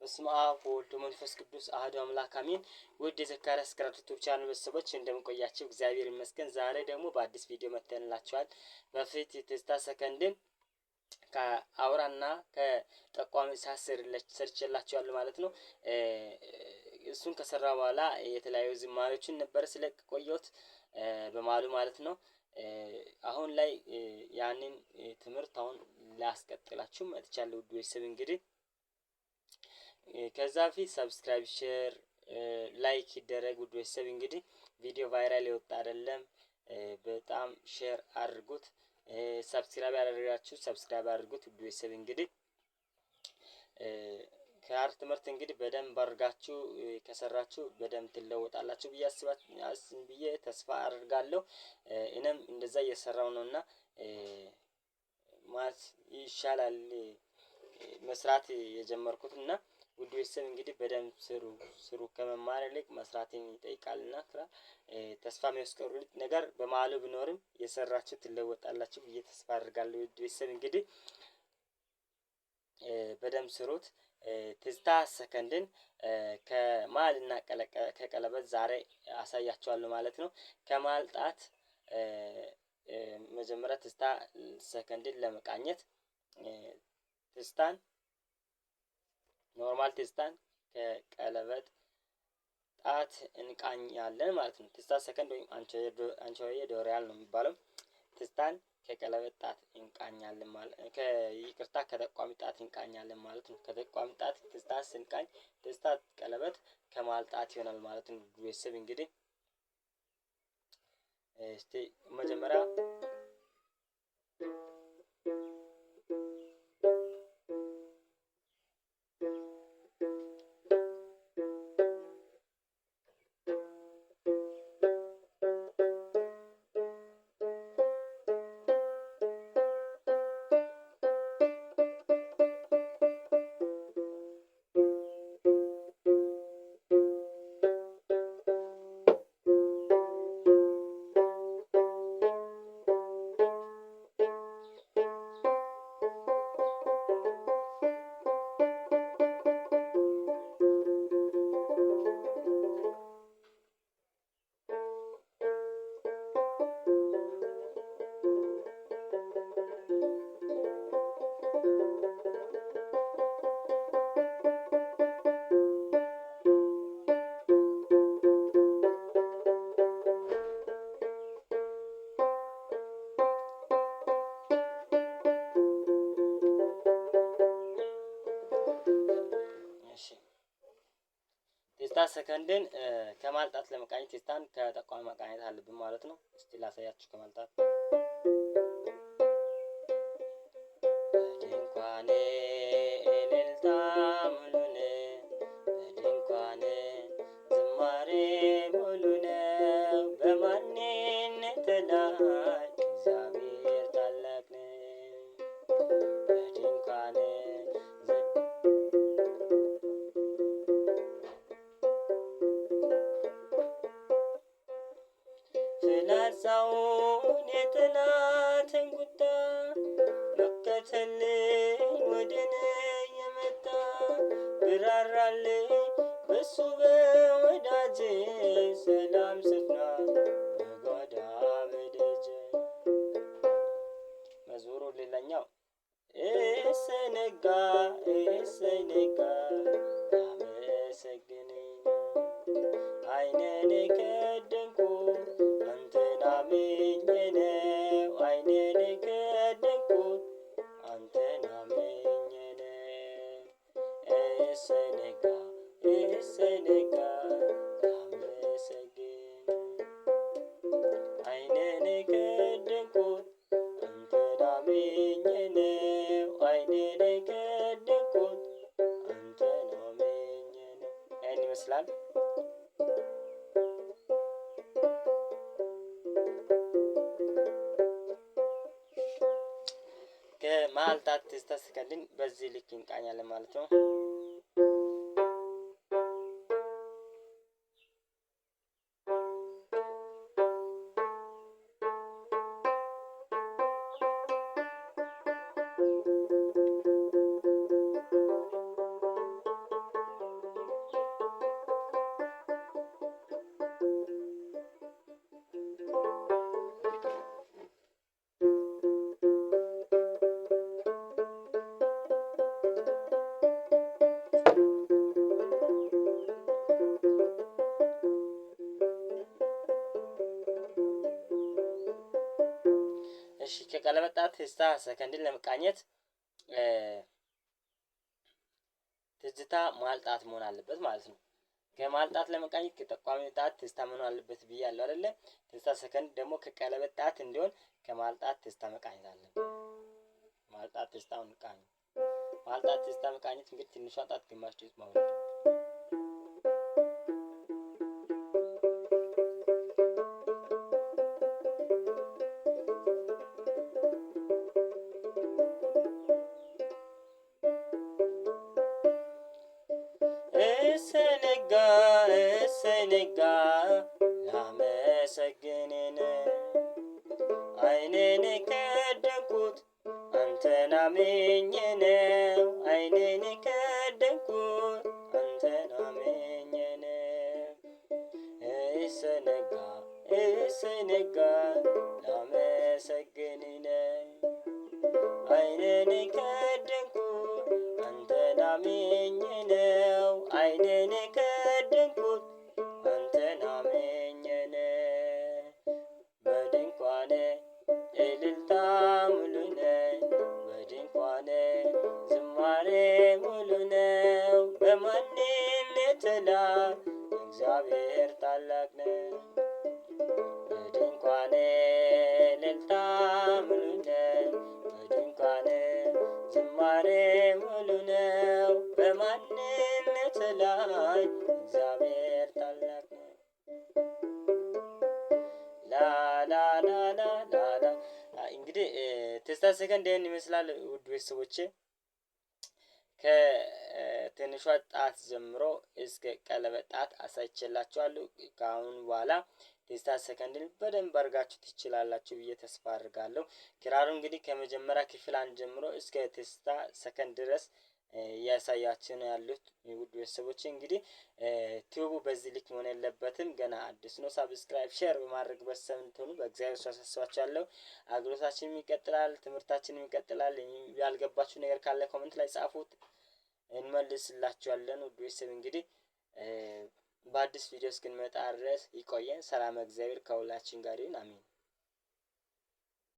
በስመ አብ ወወልድ መንፈስ ቅዱስ አሐዱ አምላክ አሜን። ውድ የዘካርያስ ክራር ዩቲዩብ ቻናል ቤተሰቦች እንደምንቆያቸው እግዚአብሔር ይመስገን። ዛሬ ደግሞ በአዲስ ቪዲዮ መተንላቸዋል በፊት የትዝታ ሰከንድን ከአውራና ከጠቋሚ እሳት ሰርችላችኋል ማለት ነው። እሱን ከሰራ በኋላ የተለያዩ ዝማሬዎችን ነበረ ስለቆየሁት በማሉ ማለት ነው አሁን ላይ ያንን ትምህርት አሁን ላስቀጥላችሁ መጥቻለሁ። ውድ ቤተሰብ እንግዲህ ከዛ በፊት ሰብስክራይብ፣ ሼር፣ ላይክ ይደረግ። ውድ ቤተሰብ እንግዲህ ቪዲዮ ቫይራል የወጣ አይደለም፣ በጣም ሼር አድርጉት። ሰብስክራይብ ያደረጋችሁ ሰብስክራይብ አድርጉት። ውድ ቤተሰብ እንግዲህ ከአርት ትምህርት እንግዲህ በደንብ አድርጋችሁ ከሰራችሁ በደንብ ትለወጣላችሁ ብዬ አስባችሁ ብዬ ተስፋ አድርጋለሁ። እኔም እንደዛ እየሰራው ነው እና ማለት ይሻላል መስራት የጀመርኩት እና ውድ ቤተሰብ እንግዲህ በደንብ ስሩ ስሩ። ከመማር ይልቅ መስራትን ይጠይቃልና እና ተስፋ የሚያስቀሩ ነገር በመሀሉ ቢኖርም የሰራችሁ ትለወጣላችሁ ብዬ ተስፋ አድርጋለሁ። ውድ ቤተሰብ እንግዲህ በደንብ ስሩት። ትዝታ ሰከንድን ከማል እና ከቀለበት ዛሬ አሳያችኋለሁ ማለት ነው። ከማል ጣት መጀመሪያ ትዝታ ሰከንድን ለመቃኘት ትዝታን ኖርማል ትዝታን ከቀለበት ጣት እንቃኛለን ማለት ነው። ትዝታ ሰከንድ ወይም አንቾዬ ዶሪያል ነው የሚባለው ትዝታን ከቀለበት ጣት እንቃኛለን ማለት ይቅርታ፣ ከጠቋሚ ጣት እንቃኛለን ማለት ነው። ከጠቋሚ ጣት ደስታ ስንቃኝ ደስታ ቀለበት ከመሃል ጣት ይሆናል ማለት ነው። ቤተሰብ እንግዲህ እስቲ መጀመሪያ ቴስታ ሰከንድን ከማልጣት ለመቃኘት ቴስታን ከጠቋሚ መቃኘት አለብን ማለት ነው። እስቲ ላሳያችሁ ከማልጣት የጠላትን ቁጣ መከተል ወደነ የመጣ ብራራልኝ በሱ በወዳጅ ሰላም ስፍራ በጓዳ በደጄ። መዝሙሩ ሌላኛው እሰይ ነጋ እሰይ ነጋ ላመሰግንህ ይመስላል። ከመሀል ጣት በዚህ ልክ እንቃኛለን ማለት ነው። እሺ ከቀለበት ጣት ትዝታ ሰከንድን ለመቃኘት ትዝታ መሀል ጣት መሆን አለበት ማለት ነው። ከመሀል ጣት ለመቃኘት ከጠቋሚ ጣት ትዝታ መሆን አለበት ብዬ አለው አይደለ? ትዝታ ሰከንድ ደግሞ ከቀለበት ጣት እንዲሆን ከመሀል ጣት ትዝታ መቃኘት አለ። መሀል ጣት ትዝታ መቃኘት መሀል ጣት ትዝታ መቃኘት እንግዲህ ትንሿ ጣት ግማሽ ድምፅ ማለት ነው። ዘጋ ላመሰግንን አይንን ከደኩት አንተን አምኜ ነው አይንን ከደኩት አንተን አምኜ ነው እሰነጋ እሰነጋ ላመሰግንን አይንን ከደኩት አንተን አምኜ ነው አይንን ከደኩት ታላቅ ነህ። በድንኳን እልልታ ሙሉ ነው። በድንኳን ዝማሬ ሙሉ ነው። በማንነት ላይ እግዚአብሔር ታላቅ ነው። እንግዲህ ትዝታ ይመስላል ውድ ቤተሰቦቼ ከትንሿ ጣት ጀምሮ እስከ ቀለበት ጣት አሳይቼላችኋለሁ። ከአሁን በኋላ ደስታ ሰከንድን በደንብ አድርጋችሁ ትችላላችሁ ብዬ ተስፋ አድርጋለሁ። ክራሩ እንግዲህ ከመጀመሪያ ክፍል አንድ ጀምሮ እስከ ቴስታ ሰከንድ ድረስ እያሳያችን ያሉት ውድ ቤተሰቦች። እንግዲህ ቲዩቡ በዚህ ልክ መሆን የለበትም። ገና አዲስ ነው። ሳብስክራይብ፣ ሼር በማድረግ በሰብ እንድትሆኑ በእግዚአብሔር ሳሳስባችኋለሁ። አግሎታችንም ይቀጥላል፣ ትምህርታችንም ይቀጥላል። ያልገባችሁ ነገር ካለ ኮመንት ላይ ጻፉት። እንመልስላችኋለን። ውድ ቤተሰብ እንግዲህ በአዲስ ቪዲዮ እስክንመጣ ድረስ ይቆየን። ሰላም እግዚአብሔር ከሁላችን ጋር ይሁን። አሜን።